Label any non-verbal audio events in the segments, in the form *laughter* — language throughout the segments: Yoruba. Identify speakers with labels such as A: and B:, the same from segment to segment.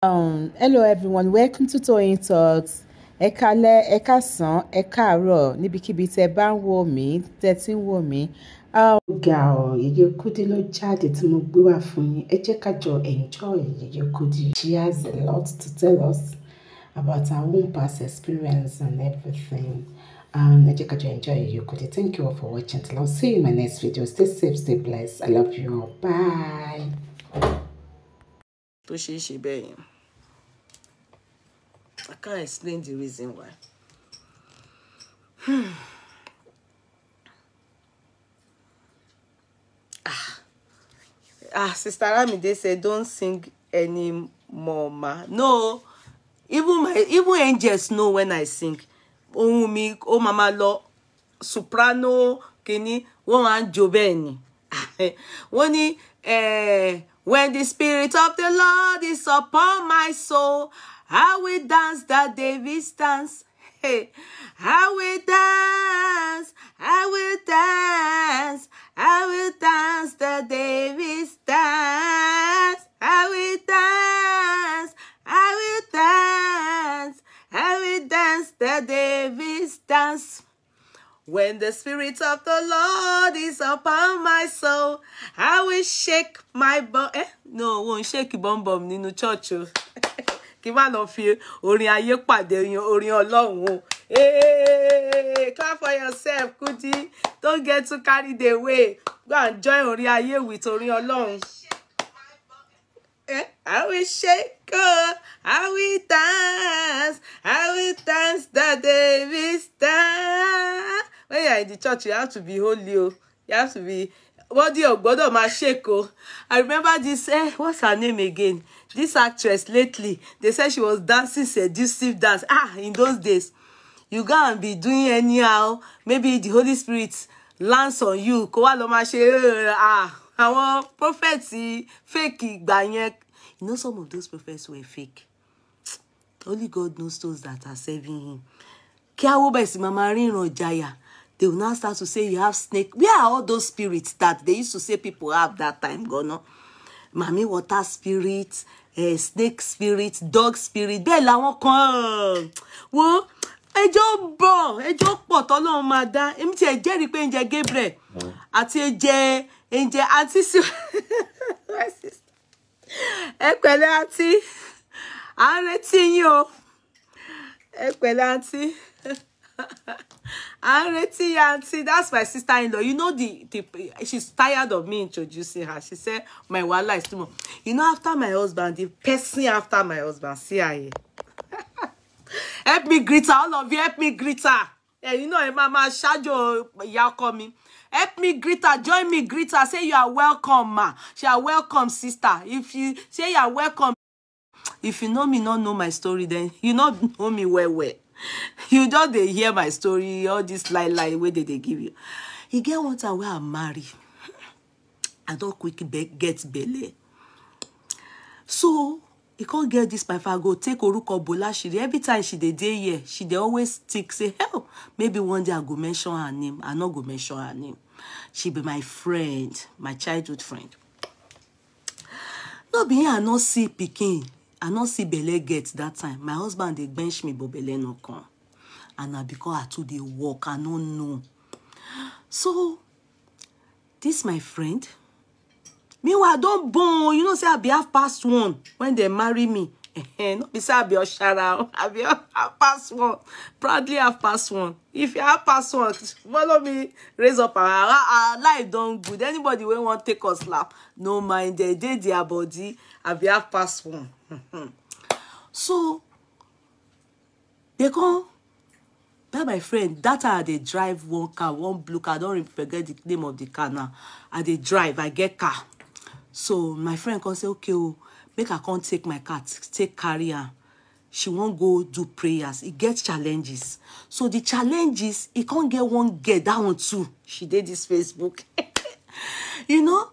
A: Um, hello everyone, welcome to Toyeen Talks. Ẹ kalẹ́, ẹ kásán, ẹ káàárọ̀ níbikíbi tẹ́ bá ń wò mí, tẹ́ ti ń wò mí. Ọ̀gá ọ̀ Yèyé Kudi ló jáde tí mo gbé wá fún yín. Ẹ jẹ́ ká jọ enjoy Yèyé Kudi. She has a lot to tell us about her own past experience and everything. Um, ẹ jẹ́ ká jọ enjoy Yèyé Kudi. Thank you all for watching. Till I'll see you in my next video. Stay safe, stay blessed. I love you all. Bye. Tó ṣeé ṣe bẹ́ẹ̀ yẹn. I can't explain the reason why. Hmm. *sighs* Ah. Ah, Sister they said, don't sing any more, ma. No. Even my even angels know when I sing. Oh, mi, oh mama lo, soprano, kini, wọ́n and ń jó *laughs* eh, when the spirit of the Lord is upon my soul, I will dance the Davis dance. Hey, I will dance, I will dance, I will dance the Davis dance. I will dance, I will dance, I will dance the Davis dance. When the Spirit of the Lord is upon my soul, I will shake my bum. Eh? No, won't shake your bum bum nínú church. *laughs* kí má lọ fi orin ayé pàdé orin ọlọ́run o hey, clap for yourself Kuti don't get too carried away go and join orin ayé with orin ọlọ́run. I eh, will shake oh. I will dance, I will dance that day. We star. When you are in the church, you have to be holy. Oh you have to be body ò gbọ́dọ̀ máa shake o oh. i remember this eh what's her name again this actress lately they said she was dancing seductive dance ah in those days you go and be doing anyhow maybe the holy spirit lands on you kó wá lọ máa ṣe eh, ah àwọn prophets fake ìgbà yẹn you know some of those prophets were fake only god knows those that are serving him kí awo bẹ̀ sí mama ríran jaya they will now start to say you have snake. Where are all those spirits that they used to say people have that time, Gono? Mami water spirit, eh, snake spirit, dog spirit. Bẹ́ẹ̀ làwọn kan wo ẹjọ́ bọ̀ ẹjọ́ pọ̀ tọ́lọ́run máa dá. Èmi tiẹ̀ jẹ́rìí pé ǹjẹ́ Gabriel àti ẹ̀jẹ̀ ǹjẹ́ àti sí My sister. àti à ń retí yín o ẹ pẹ̀lẹ́ àti. I'm ready, auntie, that's my sister-in-law. You know the, the she's tired of me introducing her. She said my wala is too much. You know, after my husband, the person after my husband, see her *laughs* help me greet her, all of you. Help me greet her. Yeah, you know, Mama Shajo call me. Help me greet her. Join me greet her. Say you are welcome, ma. She are welcome, sister. If you say you are welcome, if you know me, not know my story, then you not know me well well. *laughs* you just dey hear my story all this lie lie wey dem they give you He get one time wey i marry i don't quick get belly. so he can't get this. my father go take orúkọ bola ṣiri every time she dey day here she dey always think say hell maybe one day i go mention her name i not go mention her name she be my friend my childhood friend no be him i no see pikin i no see belle get that time my husband they bench me but belle no come and I because i too they walk, i no know so this my friend meanwhile i don born you know say i be half past one when they marry me Not be say i be oshara *laughs* i be half past one proudly half past one if you half past one *laughs* follow me raise up our, our life don't good anybody wey wan take us laugh. no mind they dey their body i be half past one *laughs* so they come that my friend that time i dey drive one car one blue car i don't even forget the name of the car now i dey drive i get car so my friend come say okay o oh, make i come take my car take carry am she wan go do prayers e get challenges so the challenges e come get one girl that one too she dey this facebook *laughs* you know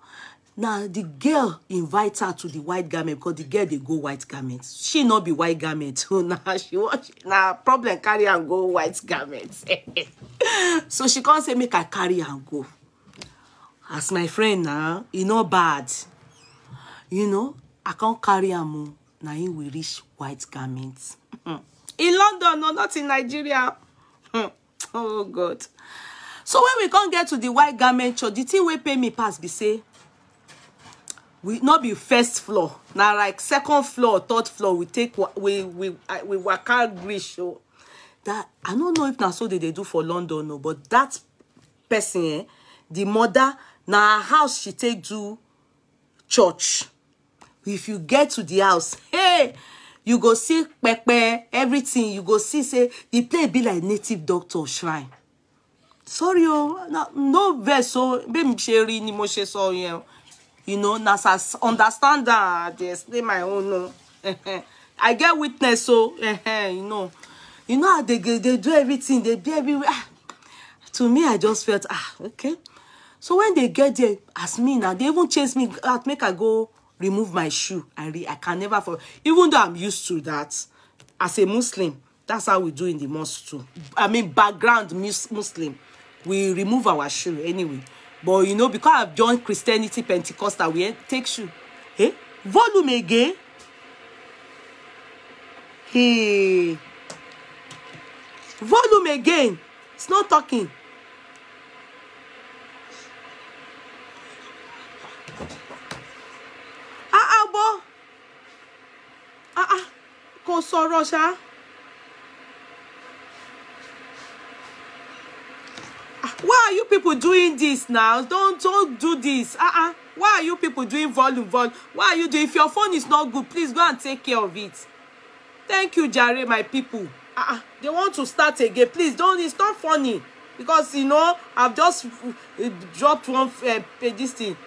A: Now the girl invites her to the white garment because the girl they go white garments. she not be white garment Oh, *laughs* na she na problem carry and go white garments. *laughs* so she can't say make i carry and go as my friend na you e know bad you know i can't carry and o oh, na he we reach white garments. *laughs* in london no not in nigeria oh god so when we can't get to the white garment church the thing wey pay me pass be say we not be first floor now, like second floor third floor we take we we we waka reach Show that i don't know if na so they they do for london no. but that person eh the mother now, her house she take do church if you get to the house hey you go see pepe everything you go see say the place be like native doctor shrine sorry oh no vex o oh, bí mi ni mo ṣe sọ you know now as understand that i dey my own no *laughs* i get witness so *laughs* you know you know how they they do everything They be everywhere ah, to me i just felt ah okay so when they get there as me now they even chase me out ah, make i go remove my shoe i re i can never for even though i'm used to that as a muslim that's how we do in the mosque too i mean background muslim we remove our shoe anyway but you know because i've joined christianity pentecostal we take you. Hey, eh? volume again hey volume again it's not talking ah ah bo ah ah kò sọ̀rọ̀ ṣáá. why are you people doing this now don't don't do this uh-uh why are you people doing volume volume why are you doing if your phone is not good please go and take care of it thank you jare my people uh-uh they want to start again please don't it's not funny because you know i've just uh, dropped one uh, this thing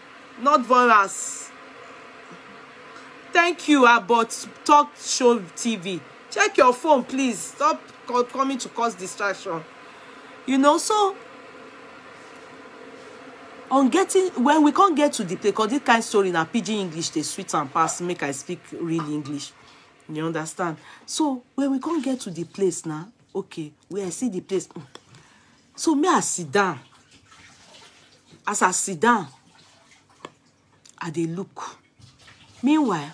A: not voras thank you about talk show tv check your phone please stop coming to cause distraction you know so on getting when we can't get to the place because this kind of story na pidgin english they sweet and pass make i speak real english you understand so when we can't get to the place now, okay we i see the place hmm. so me i sit down as i sit down i dey look meanwhile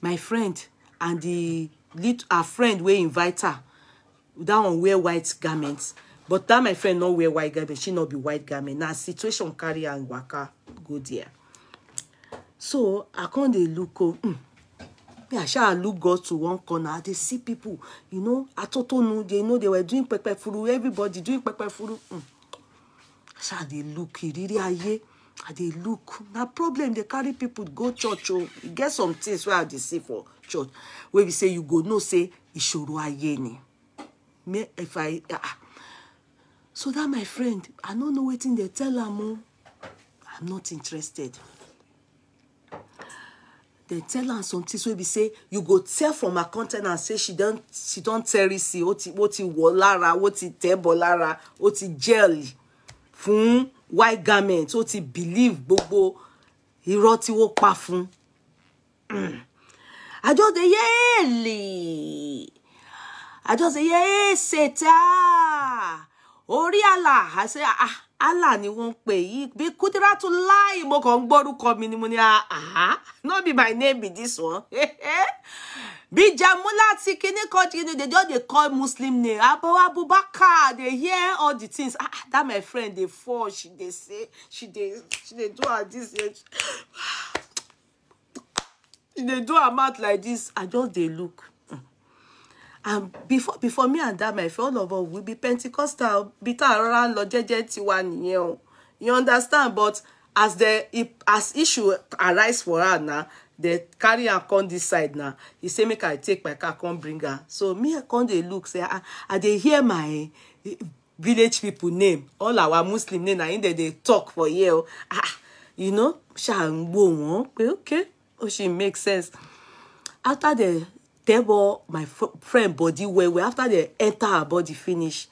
A: my friend and the little our friend we invite her that one wear white garments but that my friend not wear white garment she not be white garment Now situation carry and waka go there so i come they look oh mm, me i look god to one corner They see people you know I atotonu they know they were doing pepefuru everybody doing pepefuru mm. i sha dey look really ayé i look now problem They carry people go church o oh. e get some things where they see for church wey we say you go no say ìṣòro ayé ni me if i ah so that my friend i no know wetin dey tell am o i'm not interested dem tell am some things wey be say you go tell from her countenance say she don she don tẹrisi ó ti ó ti wọ̀ lára ó ti tẹbọ lára ó ti gel fun white garment ó ti believe gbogbo irọ́ tí wọ́n pa fún mm. i just dey yeye i just dey yeye seta orí àlà àṣẹ àlà ni wọ́n ń pè yìí bí kúdírátù láì mo kàn ń gbọ́rúkọ mi ni mo ní àhá no be my name be this one *laughs* bí jamula ti kíní kan ti kíní they just dey call muslim name abo abubakar dey hear all the things ah, ah that my friend dey fall she dey say she dey she dey do her this *sighs* she dey do her mouth like this i just dey look and before before me and that my friend of all will be Pentecostal bí tá a rọra lọ jẹ́jẹ́ tiwa nìyẹn o you understand but as the as issue arise for her now, they carry her come this side now. he say make i take my car come bring her so me i come dey look say i i dey hear my eh, village people name all our muslim name na im dey dey talk for here ah you know ṣá ń gbọ́ wọn pé okay Oh, she make sense after the table my friend body well well after they enter her body finish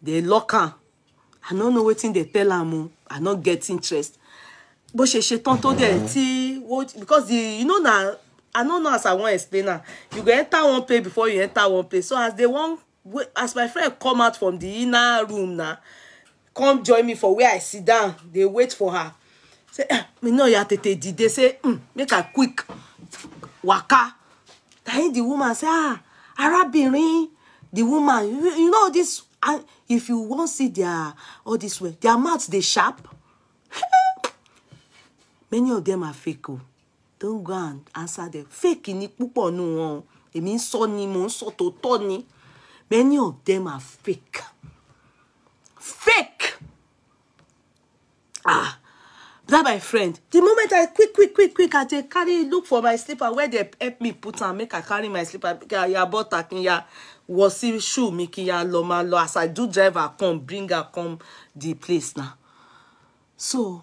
A: they lock am i no know wetin they tell her o i no get interest bó ṣe ṣe tán tó see *laughs* what because the, you know now i no know as i wan explain am you go enter one place before you enter one place so as they wan as my friend come out from the inner room now, come join me for where i sit down They wait for her say eh ah, mi náà ya tètè They say mm, make i quick waka then the woman say ah arábìnrin the woman you, you know this uh, if you wan see their all this way their mouth dey sharp *laughs* many of them are fake o don go and answer them fake ni púpọ̀ nu wọn o èmi ń sọ ni mò ń sọ tòótọ́ ni many of them are fake fake That my friend The moment i quick quick quick quick i dey carry look for my slipper wey dey help me put am make i carry my slipper ya butter ya. wasi shoe mi ya lọ ma as i do driver come bring her come the place na so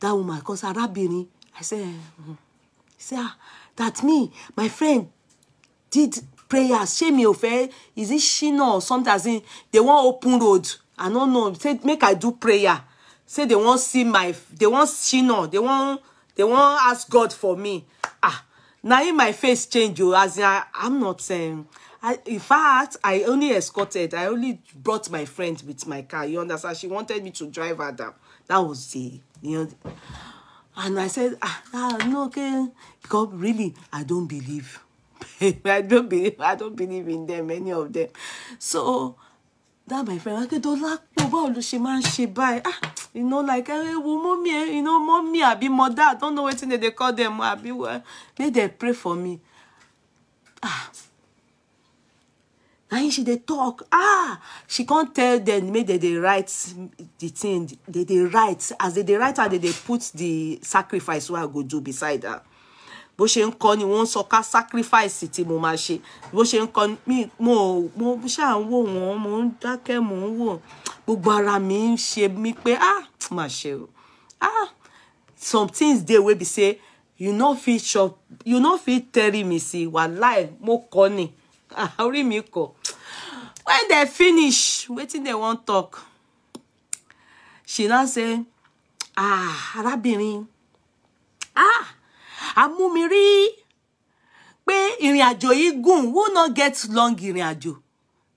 A: that woman cause arábìnrin i say mm, say ah that me my friend did prayer. ṣé mi ò fẹ́ is it shina or something as in they wan open road i no know say make i do prayer say they won't see my they won't see no, they won't, they won't ask god for me ah now in my face change o oh, as i i'm not saying. I, in fact i only escorted i only brought my friend with my car you understand she wanted me to drive her down that was the you know and i said ah, ah no okay God, really i don't believe *laughs* I don't believe I don't believe in them, any of them. So that my friend akíndọ́lá pọ̀ báwo ló ṣe máa ń ṣe báyìí ah you know like ẹ eh, wo mọ́mí eh, you know mọ́mí àbí mother. i don't know wetin they dey call them àbí wẹ́ make dem pray for me ah now she they talk ah she can't tell them. make they they write the thing they they write as they they write am they they put the sacrifice What i go do beside her bó ṣe ń kọ ni wọ́n sọ ká sacrifice tí mo máa ṣe bó ṣe ń kọ mi mo mo ṣáà ń wò wọ́n mo ń dákẹ́ mo ń wò gbogbo ara mi ń ṣe mí pé ah mà ṣe o ah some things dey wey be say you no fit chop you no fit tell me say wàláì mo kọ ni ah, orí mi kọ when dem finish wetin dem wan talk she now say ah arábìnrin ah amúmirí pé ìrìn àjò yìí gùn who no get long ìrìn àjò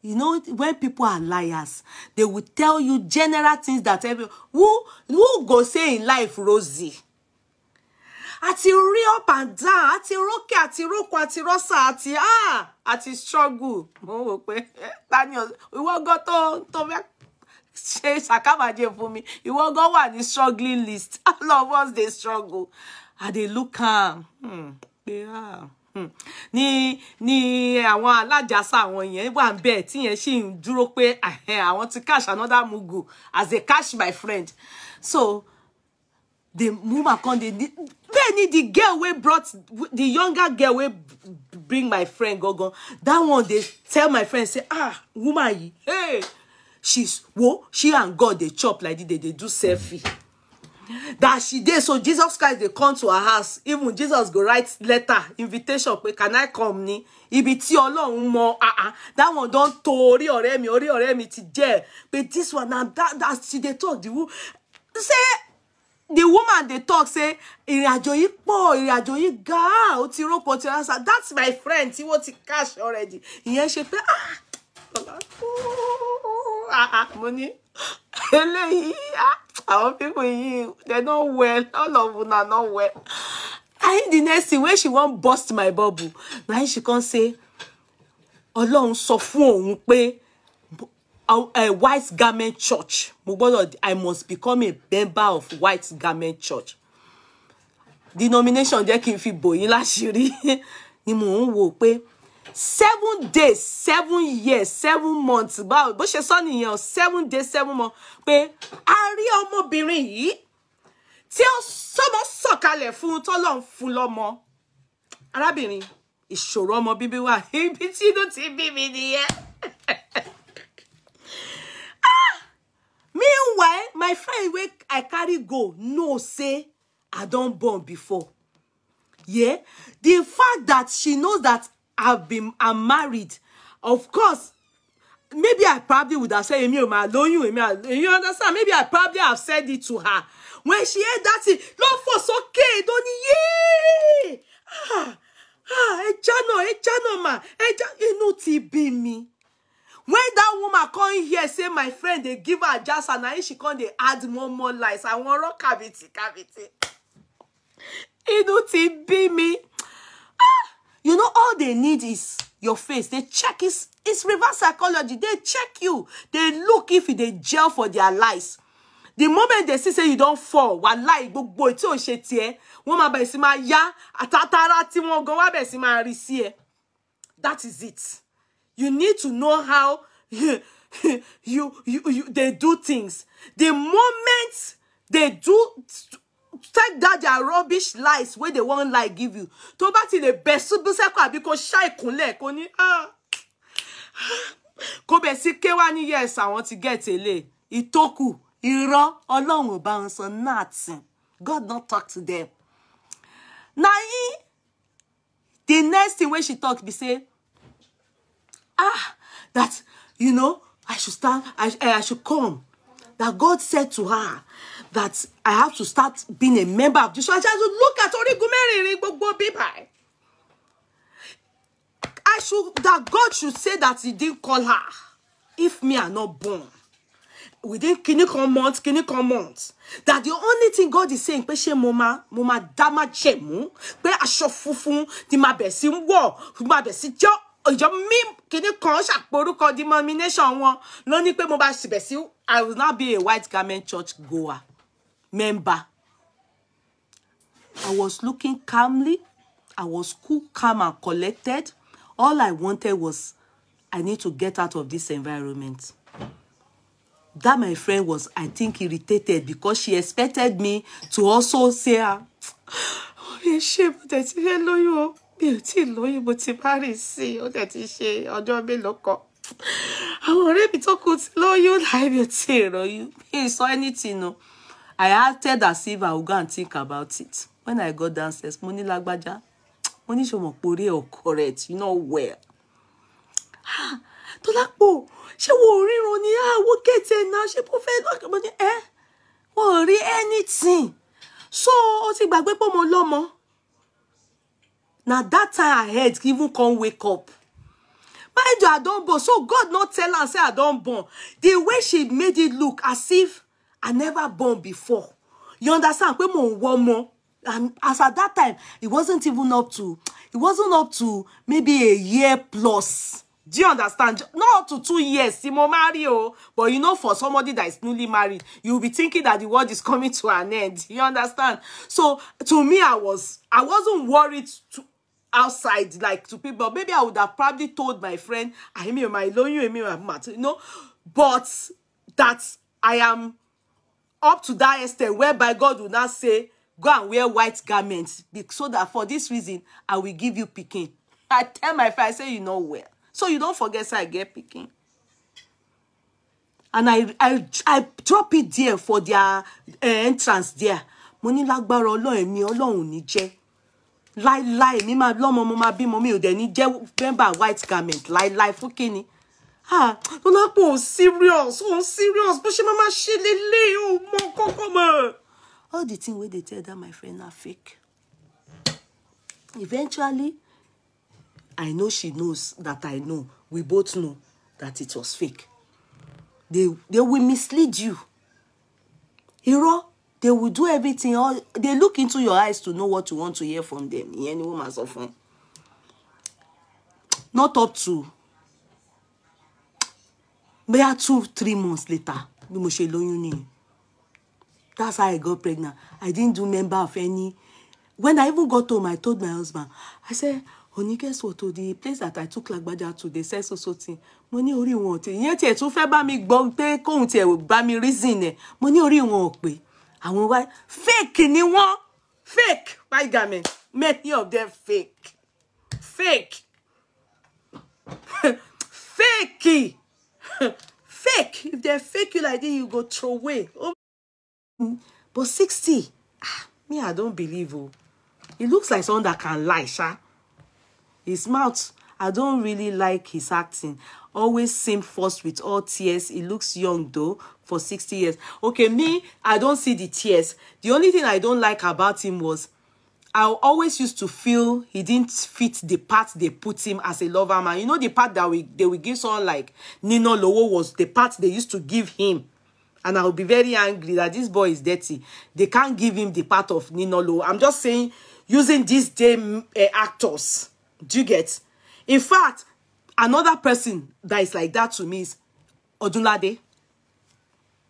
A: you know when people are liars they will tell you general things that every who who go say in life rosy àti rí up and down àti rókè àti rókun àti rọ́sà àti ah àti struggle mo wò pé *laughs* tani ìwọ gan tó tó fẹ́ ṣe ṣàkàbàjẹ́ fún mi ìwọ gan wà ní struggling list all *laughs* of us dey struggle i they look hmm, they are, ah, hmm. Ni ni, alájàsá àwọn yẹn wà ń bẹ tí yẹn sì ń dúró pé àwọn ti cash another mugu as they cash my friend so the woman come dey bẹ́ẹ̀ ni the girl wey brought the younger girl wey bring my friend gangan that one they tell my friend say ah woman yìí hey she's wo she and God they chop like this They they do selfie that she did so jesus christ they come to her house even jesus go write letter invitation pé can i come ni ibi tí ọlọ́run mọ ah ah that one don't to orí ọ̀rẹ́ mi orí ọ̀rẹ́ mi ti jẹ́ pé this one now that that she they talk the who say the woman they talk say ìrìn àjò yìí pọ̀ ìrìn àjò yìí ga ó ti rọ́pò ti that's my friend he want ti cash already ìyẹn she pé ah, ah, ah mo ní eléyìí ah our people you They're not well all of are not well i the next thing when she won't bust my bubble now she can't say Ọlọ́run sọ fún a white garment church mo gbọ́dọ̀ i must become a member of white garment church denomination they can n boy. bòyín láṣìírí *laughs* ni mò ń seven days seven years seven months báwo bó ṣe sọ nìyẹn seven days seven months pé a rí ọmọbìnrin yìí tí ó sọmọ sọ̀kalẹ̀ fún tọ́lọ́run fún lọ́mọ arábìnrin ìṣòro ọmọ bíbí wà *laughs* ibi tí inú ti bí mi nìyẹn. *laughs* Ah! meanwhile my friend wey i carry go know say i don born before yeah the fact that she knows that have been I'm married. Of course, maybe I probably would have said, Èmi ò mà you, èmi You understand? Maybe I probably have said it to her. When she heard that, it, ló fò okay. don't yay! Ah, ah, ẹja náà, ẹja náà mà, ẹja, inú ti bí me. When that woman come here, say my friend, they give her just and now she come, they add one more lies. I want rock cavity, cavity. Inú ti bí me. You know, all they need is your face. They check it's it's reverse psychology. They check you. They look if they gel for their lies. The moment they see say you don't fall, wàláì gbogbo tí ò ṣe tiẹ̀, wọ́n máa bẹ̀rẹ̀ sí máa yá àtàtàrà tí wọ́n gan wá bẹ̀rẹ̀ sí máa rí sí ẹ. That is it. You need to know how *laughs* you, you, you they do things. The moment they do take that, their rubbish lies wey they wan lie give you tó bá ti lè bẹ̀ ṣubú sẹ́kọ̀ àbí kó ṣá ìkúnlẹ̀ kó ní ah, ah. kó bẹ̀ sí ké wá ní yes àwọn ti get ele ìtókù irọ́ ọlọ́run ò bá wọn sọ nothing God don talk to them. na him the next thing wey she talk be say ah that you know I should stand I, eh, I should come that God said to her that I have to start being a member of this church. I should look at Origun Mẹ́rẹ̀ẹ̀rin gbogbo bíbá. I should that God should say that he didn't call her if me are not born within kini months. month kini kan that the only thing God is saying pé mama mama ma mo ma dá má jẹ̀mú pé aṣọ funfun ti ma bẹ̀ sí wọ̀ ma bẹ̀ sí jọ́ ìjọ mi kini kan ṣàporúkọ denomination wọn ló ní pé mo bá ṣì bẹ̀ I will now be a white garment church goer member. I was looking calmly. I was cool, calm, and collected. All I wanted was, I need to get out of this environment. That, my friend, was, I think, irritated because she expected me to also say, ah, ó *sighs* lè ṣe mo tẹ̀ ti fẹ́ lóyún o but you tí ì lóyún mo ti bá rìn sí i ó tẹ̀ ti ṣe ọjọ́ mélòó kan àwọn ọ̀rẹ́ You tó kù ti lóyún láì mi anything o. No I acted as if I would go and think about it. When I got downstairs, mo ní lágbájá, mo ní ṣé correct, you know where. Ah, Tọ́lápọ̀, ṣé wo ríran ni àwọ̀ ah, kẹ̀tẹ̀ náà ṣe bó fẹ́ lọ́kàn mo ní ẹ́ wọ́n rí anything. So o ti gbàgbé pé mo lọ́mọ. Na that time I head even come wake up. Mind you, I don born. So God not tell am say I don't born. The way she made it look as if I never born before. You understand? Pé mò ń wọ́mọ. And as at that time, it wasn't even up to, it wasn't up to maybe a year plus. Do you understand? Not up to two years, Simo Mario. But you know, for somebody that is newly married, you'll be thinking that the world is coming to an end. You understand? So to me, I was, I wasn't worried to, outside like to people. Maybe I would have probably told my friend, I mean, my loan you, I mean, you know, but that I am up to that extent whereby God will now say, Go and wear white garments. So that for this reason, I will give you picking. I tell my friend, I say, You know well. So you don't forget, so I get picking. And I, I, I drop it there for their uh, entrance there. Money ní lágbára Ọlọ́run èmi Ọlọ́run ní jẹ́. Láíláí mi máa lọ́mọ mo máa bímọ mommy ò dẹ̀ ní jẹ́ white garment Lie fún kíni ah Dolapo serious oh serious bó ṣe máa ṣe lélẹ̀ o mọ kọ́kọ́ mọ́. all the thing wey dey tell dat my friend na fake eventually i know she knows that i know we both know that it was fake they they will mislead you irọ́ they will do everything all they look into your eyes to know what you want to hear from them Any ni wọ́n not up to bóyá two three months later bí mo ṣe lóyún nìyẹn that's how I got pregnant I didn't do member of any when I even got home I told my husband I said Honey, guess what to oh, the place that I took Lagbaja to they said so so thing mo ní orí wọn ti ìyẹn tiẹ̀ tún fẹ́ bá mi gbọ́ pé kóhun tiẹ̀ bá mi reason ẹ̀ mo ní orí wọn ò pé àwọn fake ni wọ́n fake why gamin many of them fake fake *laughs* fake. *laughs* fake if dem fake you like this you go throw away oh, but 60 ah, me i don't believe Oh, e looks like someone that can lie sha his mouth i don't really like his acting always seem forced with all tears he looks young though for 60 years okay me i don't see the tears the only thing i don't like about him was I always used to feel he didn't fit the part they put him as a lover man. You know, the part that we they will give someone like Nino Lowo was the part they used to give him. And I I'll be very angry that this boy is dirty. They can't give him the part of Nino Lowo. I'm just saying, using these damn uh, actors. Do you get? In fact, another person that is like that to me is Odunlade.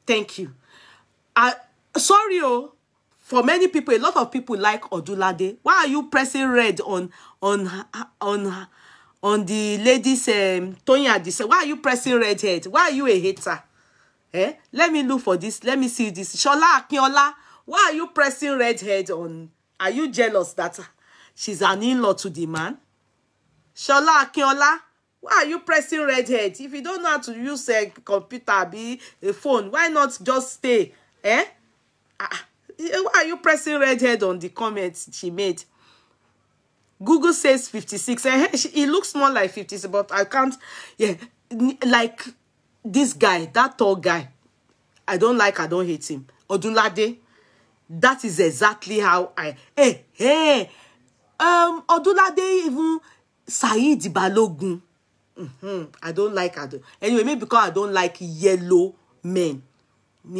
A: Thank you. I, sorry, oh, for many people, a lot of people like Odulade. Why are you pressing red on on on on the ladies um, Toyin Adisa? Why are you pressing red head? Why are you a hater? Eh? Let me look for this. Let me see this. Shola Akinola, why are you pressing red head on? Are you jealous that she's an in-law to the man? Shola Akinola, why are you pressing red head? If you don't know how to use a computer, be a phone, why not just stay? Eh? Ah. ah. Eh, why are you pressing redhead on the comments she made? Google says 56. Eh, eh, it looks more like 56, but I can't. Yeah, like this guy, that tall guy. I don't like, I don't hate him. Odunlade, that is exactly how I. Hey, hey. Um, Odunlade even Said Balogun. Mm -hmm. I don't like. I don't. Anyway, maybe because I don't like yellow men.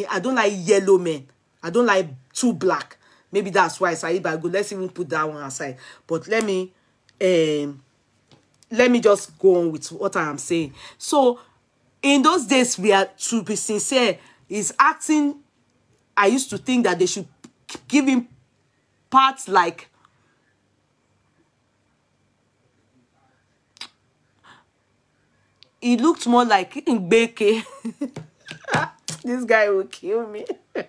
A: I don't like yellow men. I don't like too black maybe that's why Saiba go let's even put that one aside but let me um let me just go on with what I am saying so in those days we are to be sincere is acting I used to think that they should give him parts like he looked more like Ngbeke. *laughs* this guy will kill me. *laughs*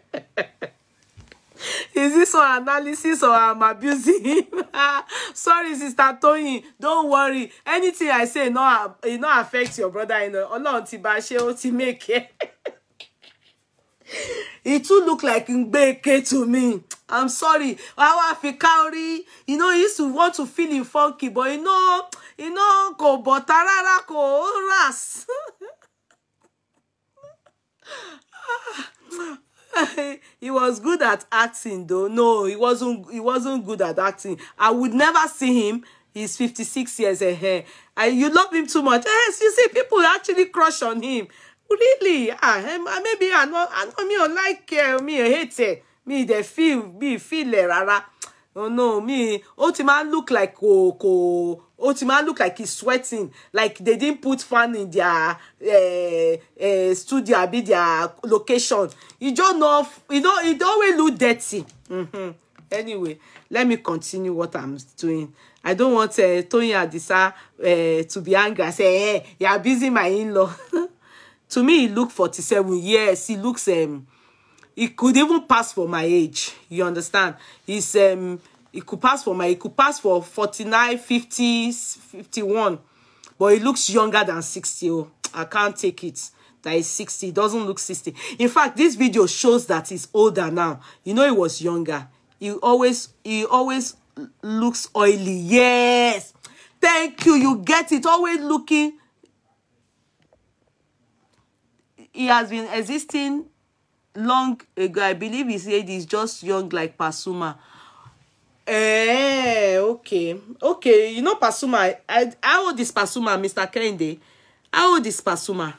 A: Is this on analysis or I'm abusing him? *laughs* Sorry, Sister Toyin. Don't worry. Anything I say, no, it not affect your brother. You know, Ọlọ́run ti bá ṣe, ó ti make it. *laughs* It too look like Ngbeke to me. I'm sorry. Our Fikaori, you know, he used to want to feel him funky, but you know, you know, kò bọ̀tárárá kò ras. *laughs* *laughs* he was good at acting though. No, he wasn't he wasn't good at acting. I would never see him. He's 56 years ahead. And you love him too much. Yes, you see, people actually crush on him. Really? Ah, eh, maybe I know I know me or like uh, eh, me hate it. Me they feel me feel rara oh no me ó ti máa look like kò kò ó ti máa look like he's sweating like they didn't put fan in their uh, uh, studio abi their location e just no e no e always look dirty mm -hmm. anyway let me continue what i'm doing i don't want uh, eh, Toyin Adisa uh, to be angry say hey, you are busy my in-law *laughs* to me he look 47 Yes, he looks um, it could even pass for my age. You understand? he's um it could pass for my it could pass for 49, 50, 51. But it looks younger than 60. Oh, I can't take it. That is 60. It doesn't look 60. In fact, this video shows that he's older now. You know he was younger. He always he always looks oily. Yes. Thank you. You get it. Always looking. He has been existing long ago i believe he said he's just young like pasuma eh okay okay you know pasuma i I hold this pasuma mr kende I hold this pasuma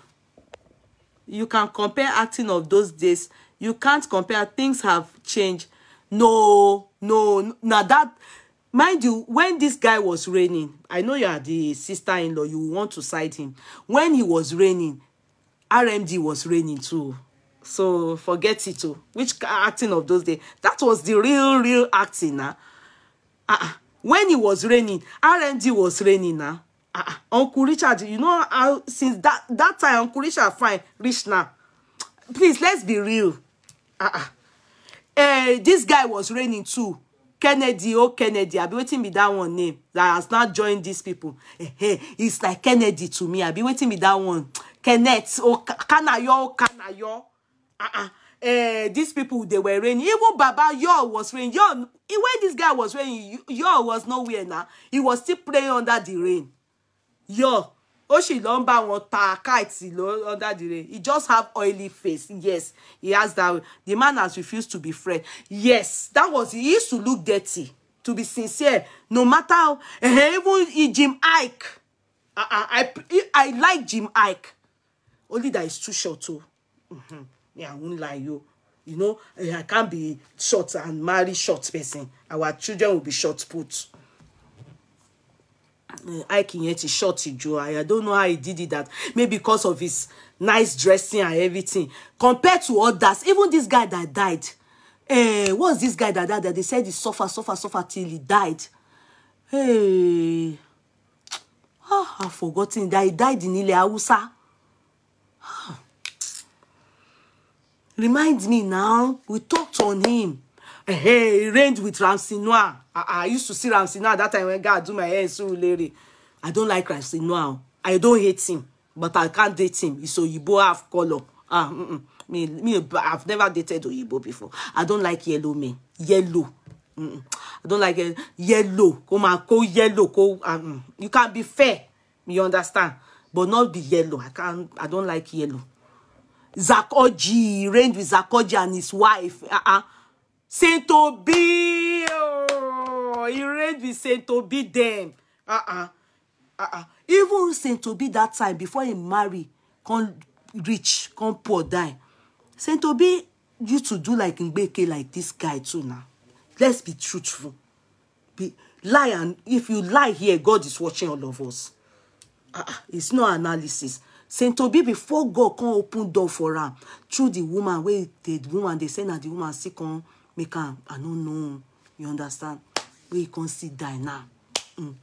A: you can compare acting of those days you can't compare things have changed no no Now that mind you when this guy was reigning i know you are the sister-in-law you want to side him when he was reigning rmd was reigning too so forget it too. Oh. which acting of those days that was the real real acting na ah uh, when it was raining rnd was raining na ah uh, uncle richard you know how since that that time uncle richard fine rich now please let's be real ah uh, uh, this guy was raining too kennedy oh kennedy be waiting be that one name that has not joined these people it's like kennedy to me be waiting be that one kenneth oh kanayo oh kanayo uh-uh. Uh, these people they were raining. Even Baba Yor was raining. Yor, when this guy was raining, Yor was nowhere now. He was still playing under the rain. Yor, ó sì lọ ń ta kite under the rain. He just have oily face. Yes, he has that. The man has refused to be friend. Yes, that was he used to look dirty. To be sincere, no matter how, eh, even Jim Ike. Uh uh. I I like Jim Ike. Only that is too short too. Mm-hmm. Me, I won't lie you. You know, eh, I can't be short and marry short person. Our children will be short put. Aikin eh, yẹn ti short ju I don't know how he did it that maybe because of his nice dressing and everything compared to others even this guy that died eh what's this guy that died that they said he suffer suffer suffer till he died hey eh, ah I've forgotten that he died in ilẹ̀ Hausa ah remind me now we talked on him hey, arranged with Ramsey I, ah, ah, I used to see Ramsey that time when God do my hair in Surulere I don't like Ramsey I don't hate him but I can't date him he's Oyibo half color ah mm -mm. me me I've never dated Oyibo before I don't like yellow men yellow mm -mm. I don't like yellow, yellow. kó máa kó yellow kó um, you can't be fair you understand but not be yellow I can't I don't like yellow Zakoji reigned with Zakoji and his wife. Uh-uh. Saint Obi, oh, he reigned with Saint Obi then. Uh-uh. Uh-uh. Even Saint Obi that time, before he marry, come rich, come poor, die. Saint Obi used to do like Mbeke, like this guy too now. Let's be truthful. Be, lie, and if you lie here, God is watching all of us. Uh-uh. It's no analysis. Saint Toby before God can open door for am through the woman wey the woman they send na the woman see come make am I no know you understand wey he come see die now. Mm.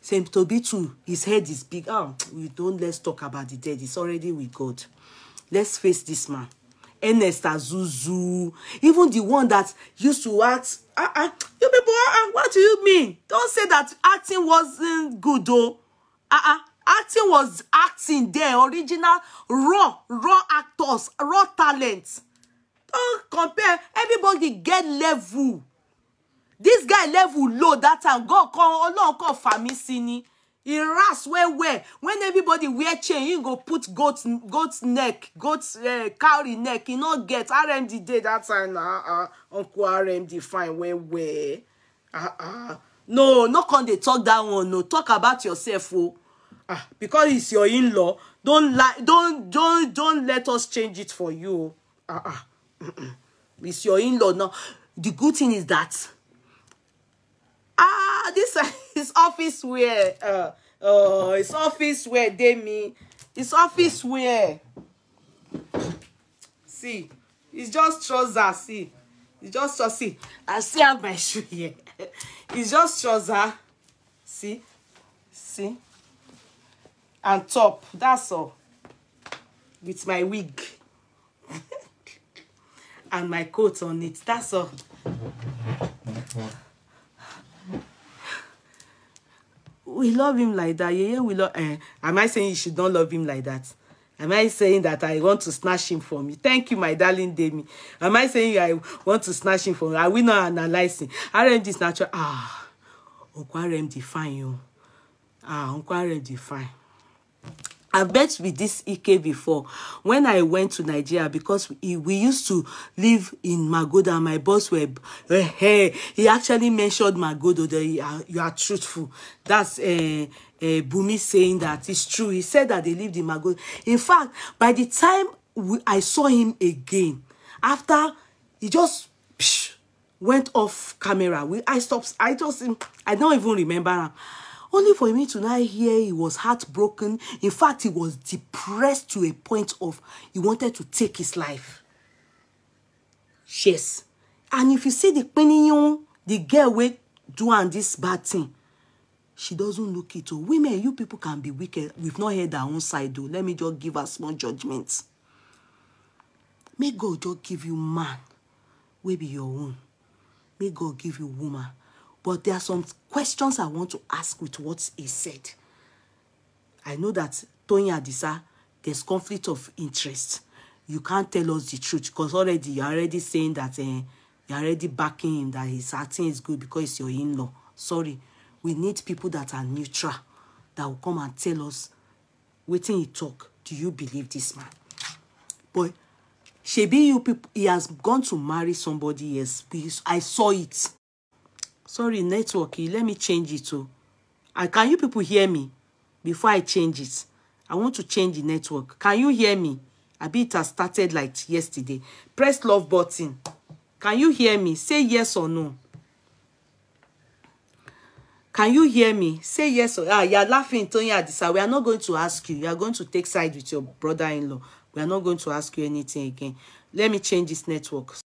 A: Saint Toby too his head is big ah oh, we don't let's talk about the dead it's already with God let's face this man Ernest Azuzu even the one that used to act ah ah you people ah ah what do you mean don't say that acting wasn't good oh ah ah acting was acting there original raw raw actors raw talent Don't compare everybody get level this guy level low that time god call Ọlọ́run kan fà mí he ras well well when everybody wear chain he go put goat goat neck goat uh, eh, cowrie neck he no get rmd day that time na uh, uh, ah, ah. uncle rmd fine well well uh, uh. no no come they talk that one no talk about yourself Oh ah because it's your in-law don't like don't don't don't let us change it for you ah ah it's your in-law now the good thing is that ah this *laughs* is office where, uh ah, uh oh, it's office where they me it's office where see it's just trousers. see it's just trouser see i see am my shoe here *laughs* it's just trousers. see see and top that's all with my wig *laughs* and my coat on it that's all we love him like that yeah, yeah we love uh, am i saying you should not love him like that am i saying that i want to snatch him from you thank you my darling demi am i saying i want to snatch him from you are we not analyzing rmd is natural ah uncle rmd fine you oh. ah uncle rmd fine I've met with this Ike before when I went to Nigeria because we, we used to live in Magodo my boss web were hey, eh, eh, he actually mentioned Magodo that you are, you are truthful. That's uh, uh, Bumi saying that it's true. He said that they lived in Magodo. In fact, by the time we, I saw him again, after he just psh, went off camera, we, I stopped, I just, I don't even remember Only for me to now hear he was heartbroken. In fact, he was depressed to a point of he wanted to take his life. Yes. And if you see the pinion, the girl with doing this bad thing, she doesn't look it. Oh, women, you people can be wicked. We've not heard our own side though. Let me just give us small judgments. May God just give you man, will be your own. May God give you woman, But there are some questions I want to ask with what he said. I know that Toyin Adisa, there's conflict of interest. You can't tell us the truth because already you're already saying that uh, you're already backing him, that his acting is good because it's your in-law. Sorry, we need people that are neutral, that will come and tell us, waiting he talk, do you believe this man? Boy, Shebi, you people, he has gone to marry somebody else. I saw it sorry network eh, let me change it o oh. can you people hear me before i change it i want to change the network can you hear me abi it has started like yesterday press love button can you hear me say yes or no can you hear me say yes or ah you are laughing Toyin Adisa we are not going to ask you you are going to take side with your brother-in-law we are not going to ask you anything again let me change this network